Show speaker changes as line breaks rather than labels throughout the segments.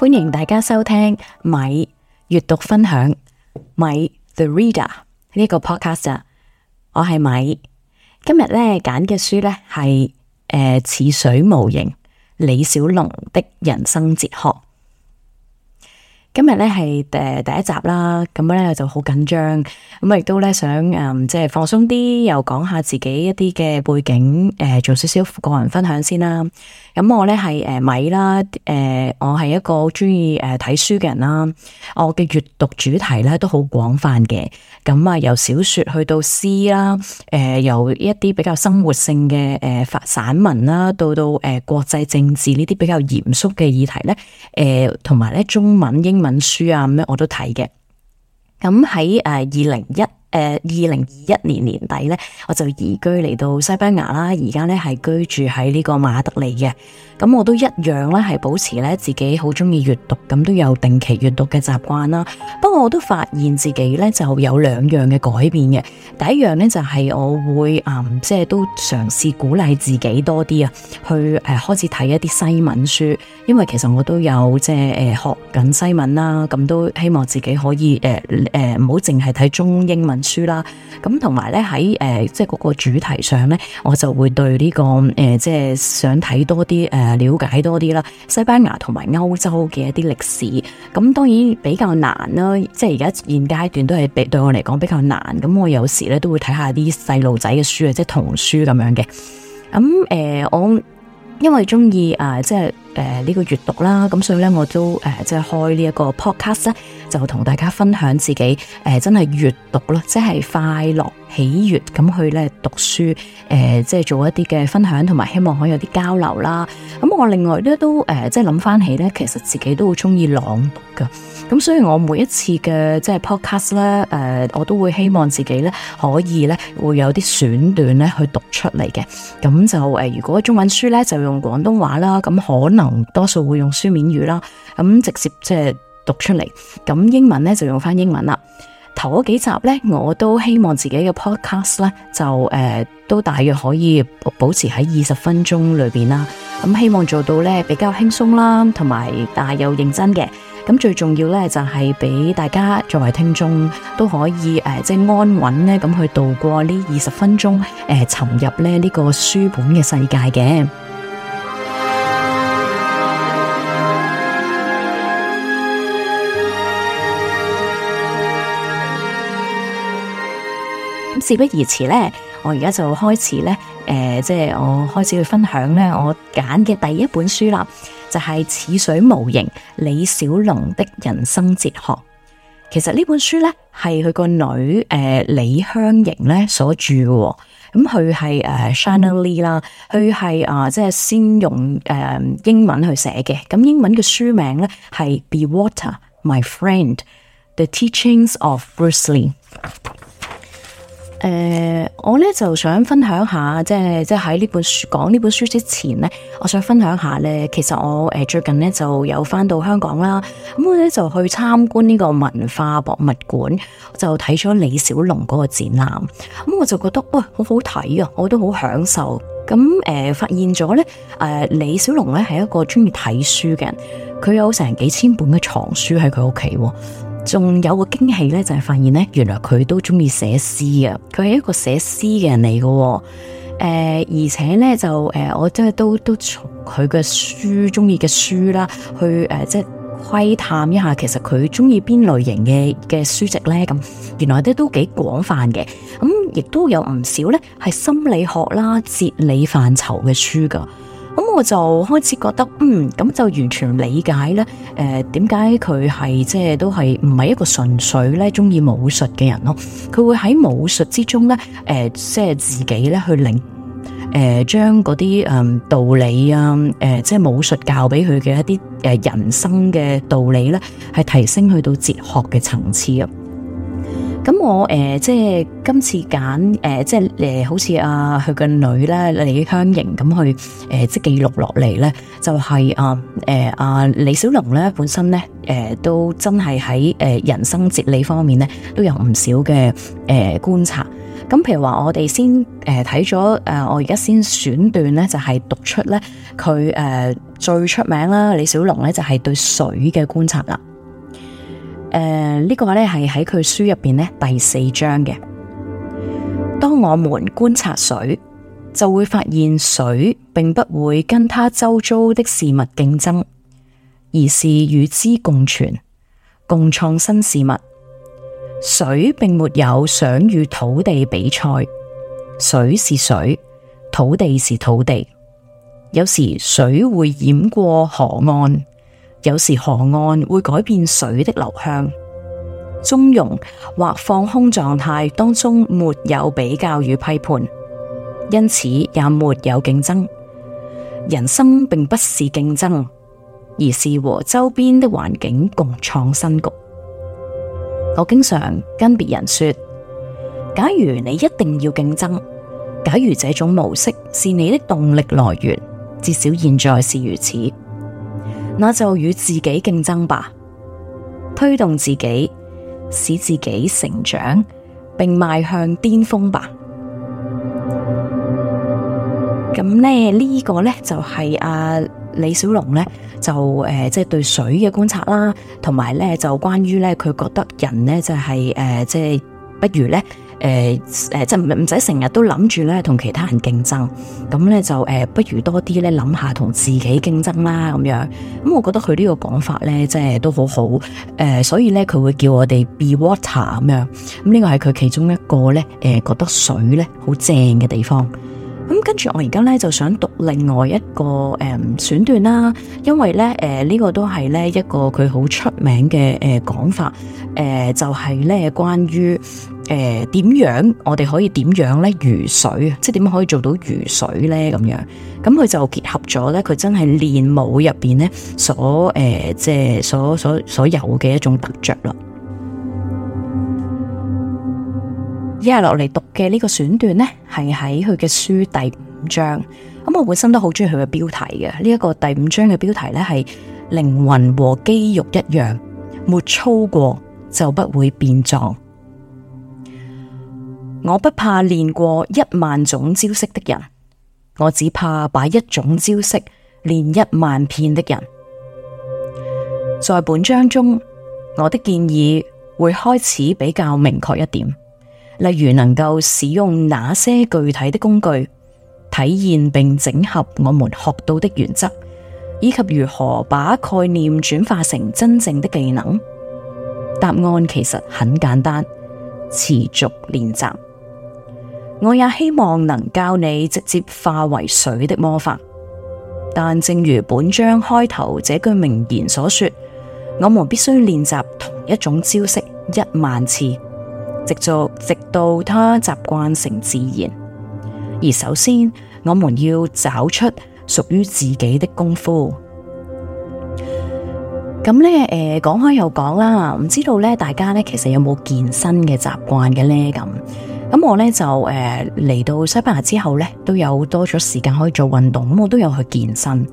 歡迎大家收聽米閱讀分享米 The Reader 呢個 podcast，我係米，今日咧揀嘅書咧係、呃、似水無形李小龍的人生哲學。今日咧係誒第一集啦，咁樣咧就好緊張，咁啊亦都咧想誒即係放鬆啲，又講下自己一啲嘅背景誒，做少少個人分享先啦。咁我咧係誒米啦，誒我係一個好中意誒睇書嘅人啦，我嘅閱讀主題咧都好廣泛嘅，咁啊由小說去到詩啦，誒由一啲比較生活性嘅誒散文啦，到到誒國際政治呢啲比較嚴肅嘅議題咧，誒同埋咧中文英文。本書啊，咩我都睇嘅。咁喺誒二零一。誒，二零二一年年底咧，我就移居嚟到西班牙啦。而家咧係居住喺呢個馬德里嘅。咁我都一樣咧，係保持咧自己好中意閱讀，咁都有定期閱讀嘅習慣啦。不過我都發現自己咧就有兩樣嘅改變嘅。第一樣呢，就係我會，啊，即係都嘗試鼓勵自己多啲啊，去誒開始睇一啲西文書，因為其實我都有即係誒學緊西文啦，咁都希望自己可以，誒，誒，唔好淨係睇中英文。書啦，咁同埋咧喺誒，即係嗰個主題上咧，我就會對呢、這個誒、呃，即係想睇多啲誒、呃，了解多啲啦，西班牙同埋歐洲嘅一啲歷史，咁、嗯、當然比較難啦。即係而家現階段都係比對我嚟講比較難。咁我有時咧都會睇下啲細路仔嘅書啊，即係童書咁樣嘅。咁、嗯、誒、呃，我。因為中意啊，即係誒呢個閱讀啦，咁所以咧我都誒、呃、即係開呢一個 podcast 咧，就同大家分享自己誒、呃、真係閱讀咯，即係快樂喜悅咁去咧讀書誒、呃，即係做一啲嘅分享，同埋希望可以有啲交流啦。咁、嗯、我另外咧都誒、呃、即係諗翻起咧，其實自己都好中意朗讀噶。咁所以，我每一次嘅即係 podcast 咧、呃，誒，我都會希望自己咧可以咧會有啲選段咧去讀出嚟嘅。咁就誒、呃，如果中文書咧就用廣東話啦，咁可能多數會用書面語啦，咁直接即係讀出嚟。咁英文咧就用翻英文啦。頭嗰幾集咧，我都希望自己嘅 podcast 咧就誒、呃，都大約可以保持喺二十分鐘裏邊啦。咁希望做到咧比較輕鬆啦，同埋但係又認真嘅。咁最重要咧，就係俾大家作為聽眾都可以誒，即係安穩咧，咁去度過呢二十分鐘誒，沉入咧呢個書本嘅世界嘅。咁， 事不宜遲咧。我而家就開始咧，誒、呃，即係我開始去分享咧，我揀嘅第一本書啦，就係、是《似水無形》李小龍的人生哲學。其實呢本書咧係佢個女，誒、呃，李香瑩咧所著，哦。咁佢係誒 Shannon Lee 啦，佢係啊，即係先用誒、uh, 英文去寫嘅。咁英文嘅書名咧係 Be Water My Friend: The Teachings of Bruce Lee。誒、呃，我咧就想分享下，即係即係喺呢本書講呢本書之前咧，我想分享下咧，其實我誒、呃、最近咧就有返到香港啦，咁、嗯、我咧就去參觀呢個文化博物館，就睇咗李小龍嗰個展覽，咁、嗯、我就覺得哇，好好睇啊，我都好享受，咁、嗯、誒、呃、發現咗咧，誒、呃、李小龍咧係一個中意睇書嘅人，佢有成幾千本嘅藏書喺佢屋企。仲有個驚喜咧、呃，就係發現咧，原來佢都中意寫詩啊！佢係一個寫詩嘅人嚟嘅，誒，而且咧就誒，我真係都都從佢嘅書，中意嘅書啦，去誒即係窺探一下，其實佢中意邊類型嘅嘅書籍咧？咁原來咧都幾廣泛嘅，咁亦都有唔少咧係心理學啦、哲理範疇嘅書噶。咁我就開始覺得，嗯，咁就完全理解咧。誒、呃，點解佢係即係都係唔係一個純粹咧中意武術嘅人咯？佢、哦、會喺武術之中咧，誒、呃，即係自己咧去領，誒、呃，將嗰啲誒道理啊，誒、呃，即係武術教俾佢嘅一啲誒人生嘅道理咧，係提升去到哲學嘅層次啊。咁我誒、呃，即係今次揀誒、呃，即係誒，好似阿佢個女啦李香凝咁去誒，即係記錄落嚟咧，就係啊誒阿李小龍咧本身咧誒、呃，都真係喺誒人生哲理方面咧都有唔少嘅誒、呃、觀察。咁譬如話我哋先誒睇咗誒，我而家先選段咧就係讀出咧佢誒最出名啦李小龍咧就係、是、對水嘅觀察啦。誒，呢、uh, 個咧係喺佢書入邊咧第四章嘅。當我們觀察水，就會發現水並不會跟他周遭的事物競爭，而是與之共存、共創新事物。水並沒有想與土地比賽，水是水，土地是土地。有時水會淹過河岸。有時河岸會改變水的流向，從容或放空狀態當中沒有比較與批判，因此也沒有競爭。人生並不是競爭，而是和周邊的環境共創新局。我經常跟別人說：假如你一定要競爭，假如這種模式是你的動力來源，至少現在是如此。那就與自己競爭吧，推動自己，使自己成長，並邁向巔峰吧。咁咧 呢、這個咧就係阿、啊、李小龍咧就誒，即、呃、係、就是、對水嘅觀察啦，同埋咧就關於咧佢覺得人咧就係、是、誒，即、呃、係、就是、不如咧。誒誒、呃呃，即係唔唔使成日都諗住咧同其他人競爭，咁咧就誒、呃，不如多啲咧諗下同自己競爭啦，咁樣。咁、嗯、我覺得佢呢個講法咧，即係都好好。誒、呃，所以咧佢會叫我哋 Be Water 咁樣，咁呢個係佢其中一個咧誒、呃，覺得水咧好正嘅地方。咁跟住，嗯、我而家咧就想讀另外一個誒、嗯、選段啦，因為咧誒呢、呃這個都係咧一個佢好出名嘅誒、呃、講法，誒、呃、就係、是、咧關於誒點、呃、樣我哋可以點樣咧如水，即係點樣可以做到如水咧咁樣，咁、嗯、佢就結合咗咧佢真係練武入邊咧所誒、呃、即係所所所有嘅一種特質咯。一係落嚟讀嘅呢個選段呢，係喺佢嘅書第五章。咁我本身都好中意佢嘅標題嘅。呢一個第五章嘅標題呢，係靈魂和肌肉一樣，沒操過就不會變壯。我不怕練過一萬種招式的人，我只怕把一種招式練一萬遍的人。在本章中，我的建議會開始比較明確一點。例如能夠使用哪些具體的工具，體現並整合我們學到的原則，以及如何把概念轉化成真正的技能？答案其實很簡單：持續練習。我也希望能教你直接化為水的魔法，但正如本章開頭這句名言所說，我們必須練習同一種招式一萬次。持續直到他習慣成自然，而首先我們要找出屬於自己的功夫。咁咧，誒、 呃，講開又講啦，唔知道咧，大家咧其實有冇健身嘅習慣嘅呢？咁，咁我咧就誒嚟、呃、到西班牙之後咧，都有多咗時間可以做運動，咁我都有去健身。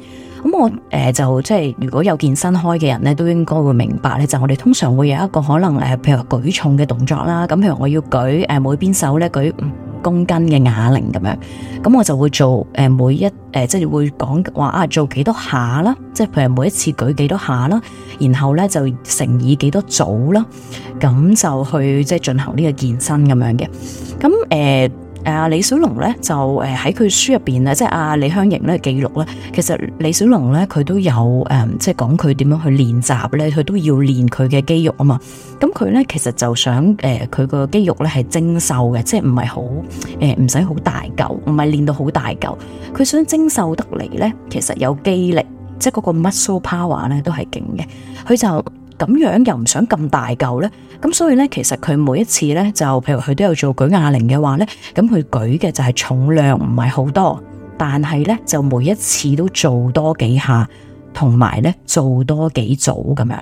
咁我誒就即係如果有健身開嘅人咧，都應該會明白咧，就我哋通常會有一個可能誒、呃，譬如舉重嘅動作啦，咁譬如我要舉誒、呃、每邊手咧舉五公斤嘅啞鈴咁樣，咁我就會做誒、呃、每一誒、呃、即係會講話啊做幾多下啦，即係譬如每一次舉幾多下啦，然後咧就乘以幾多組啦，咁就去即係進行呢個健身咁樣嘅，咁誒。呃誒李小龍咧就誒喺佢書入邊咧，即係阿李香盈咧記錄咧，其實李小龍咧佢都有誒、嗯，即係講佢點樣去練習咧，佢都要練佢嘅肌肉啊嘛。咁佢咧其實就想誒佢個肌肉咧係精瘦嘅，即係唔係好誒唔使好大嚿，唔係練到好大嚿。佢想精瘦得嚟咧，其實有肌力，即係嗰個 muscle power 咧都係勁嘅。佢就。咁樣又唔想咁大嚿咧，咁所以咧，其實佢每一次咧，就譬如佢都有做舉啞鈴嘅話咧，咁佢舉嘅就係重量唔係好多，但係咧就每一次都做多幾下，同埋咧做多幾組咁樣。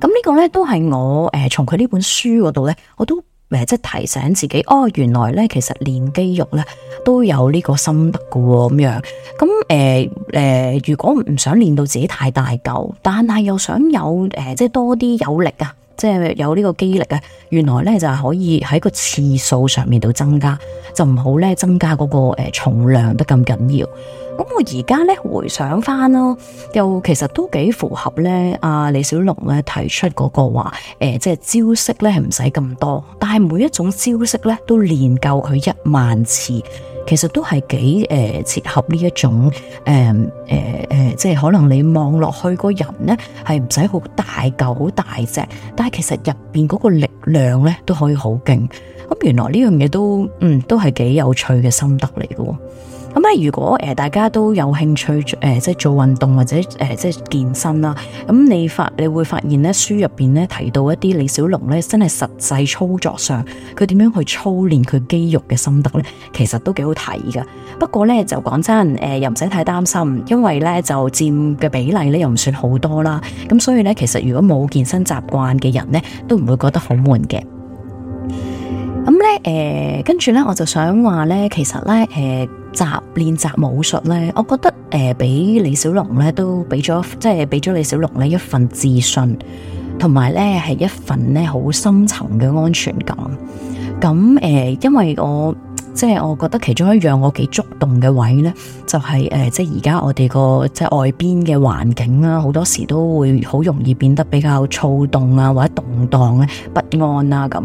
咁呢個咧都係我誒，從佢呢本書嗰度咧，我都。即提醒自己，哦，原來咧，其實練肌肉咧都有呢個心得噶喎、哦，咁樣，咁誒誒，如果唔想練到自己太大嚿，但係又想有誒、呃，即係多啲有力啊！即係有呢個肌力啊！原來咧就係可以喺個次數上面度增加，就唔好咧增加嗰，那個誒、呃、重量得咁緊要。咁我而家咧回想返囉，又其實都幾符合咧阿、啊、李小龍咧提出嗰個話誒、呃，即係招式咧係唔使咁多，但係每一種招式咧都練夠佢一萬次。其實都係幾誒，切合呢一種誒誒誒，即係可能你望落去個人咧，係唔使好大嚿好大隻，但係其實入邊嗰個力量咧都可以好勁。咁、嗯、原來呢樣嘢都嗯，都係幾有趣嘅心得嚟嘅。咁咧、嗯，如果誒、呃、大家都有興趣誒、呃，即係做運動或者誒、呃、即係健身啦，咁你發你會發現咧，書入邊咧提到一啲李小龍咧，真係實際操作上佢點樣去操練佢肌肉嘅心得咧，其實都幾好睇㗎。不過咧，就講真誒、呃，又唔使太擔心，因為咧就佔嘅比例咧又唔算好多啦。咁所以咧，其實如果冇健身習慣嘅人咧，都唔會覺得好悶嘅。咁咧誒，跟住咧我就想話咧，其實咧誒。呃習練習武術咧，我覺得誒，俾、呃、李小龍咧都俾咗，即係俾咗李小龍咧一份自信，同埋咧係一份咧好深層嘅安全感。咁誒、呃，因為我。即係我覺得其中一樣我幾觸動嘅位呢，就係、是、誒、呃，即係而家我哋個即係外邊嘅環境啦、啊，好多時都會好容易變得比較躁動啊，或者動蕩咧、啊、不安啊咁。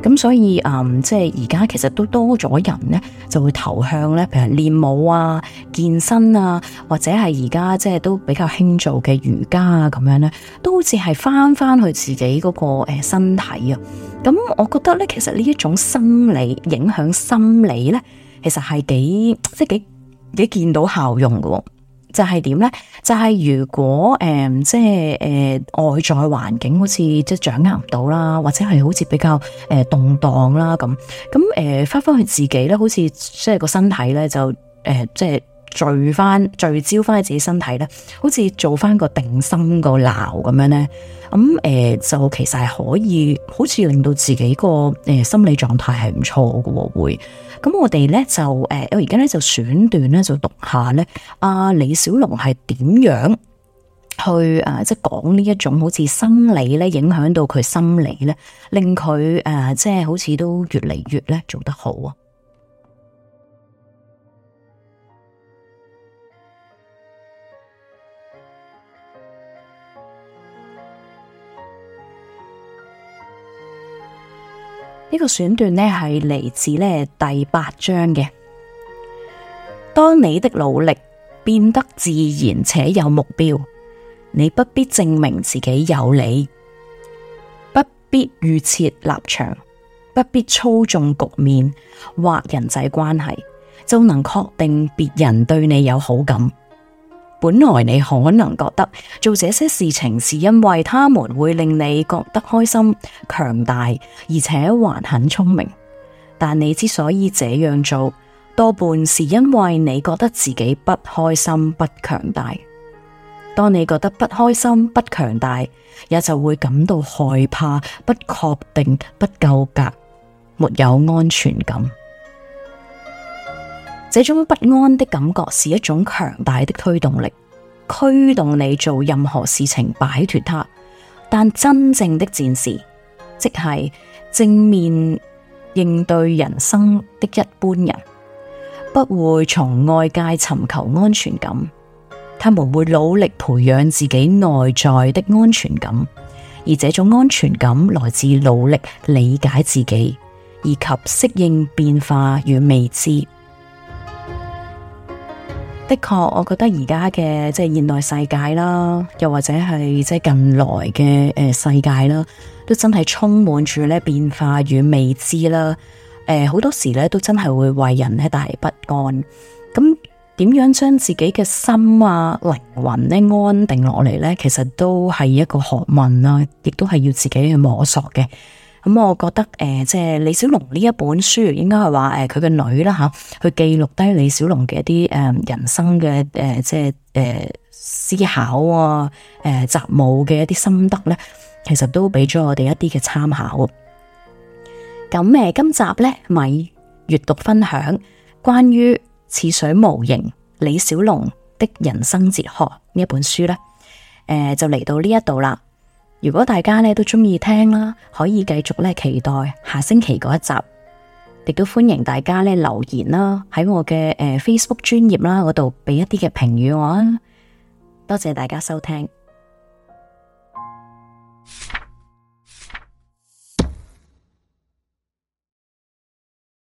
咁所以誒、呃，即係而家其實都多咗人呢，就會投向呢，譬如練舞啊、健身啊，或者係而家即係都比較興做嘅瑜伽啊，咁樣呢，都好似係返返去自己嗰個誒身體啊。咁、嗯、我覺得咧，其實呢一種生理影響心理咧，其實係幾即係幾幾見到效用嘅。哦，就係點咧？就係、是、如果誒、呃，即係誒、呃、外在環境好似即係掌握唔到啦，或者係好似比較誒、呃、動盪啦咁，咁誒返返去自己咧，好似即係個身體咧就誒、呃、即係。聚返聚焦返喺自己身體咧，好似做翻個定心個鬧咁樣咧，咁、嗯、誒、呃、就其實係可以，好似令到自己個誒、呃、心理狀態係唔錯㗎喎。咁我哋咧就誒，我而家咧就選段咧就讀下咧，阿、啊、李小龍係點樣去誒、啊、即係講呢一種好似生理咧影響到佢心理咧，令佢誒、啊、即係好似都越嚟越咧做得好啊！呢個選段呢係嚟自呢第八章嘅。當你的努力變得自然且有目標，你不必證明自己有理，不必預設立場，不必操縱局面或人際關係，就能確定別人對你有好感。本來你可能覺得做這些事情是因為他們會令你覺得開心、強大，而且還很聰明。但你之所以這樣做，多半是因為你覺得自己不開心、不強大。當你覺得不開心、不強大，也就會感到害怕、不確定、不夠格，沒有安全感。這種不安的感覺是一種強大的推動力，驅動你做任何事情擺脱它。但真正的戰士，即係正面應對人生的一般人，不會從外界尋求安全感，他們會努力培養自己內在的安全感。而這種安全感來自努力理解自己以及適應變化與未知。的確，我覺得而家嘅，即係現代世界啦，又或者係即係近來嘅誒、呃、世界啦、呃，都真係充滿住咧變化與未知啦。誒，好多時咧都真係會為人咧帶嚟不安。咁點樣將自己嘅心啊靈魂咧安定落嚟咧，其實都係一個學問啦、啊，亦都係要自己去摸索嘅。咁、嗯、我覺得誒、呃，即係李小龍呢一本書應該，應該係話誒佢嘅女啦吓，去、啊、記錄低李小龍嘅一啲誒、呃、人生嘅誒即係誒思考啊，誒習武嘅一啲心得咧，其實都俾咗我哋一啲嘅參考、啊。咁誒、呃，今集咧米閱讀分享關於《似水無形：李小龍的人生哲學》呢一本書咧，誒、呃、就嚟到呢一度啦。如果大家咧都中意聽啦，可以繼續咧期待下星期嗰一集，亦都歡迎大家咧留言啦，喺我嘅誒 Facebook 專頁啦嗰度俾一啲嘅評語我啊，多謝大家收聽。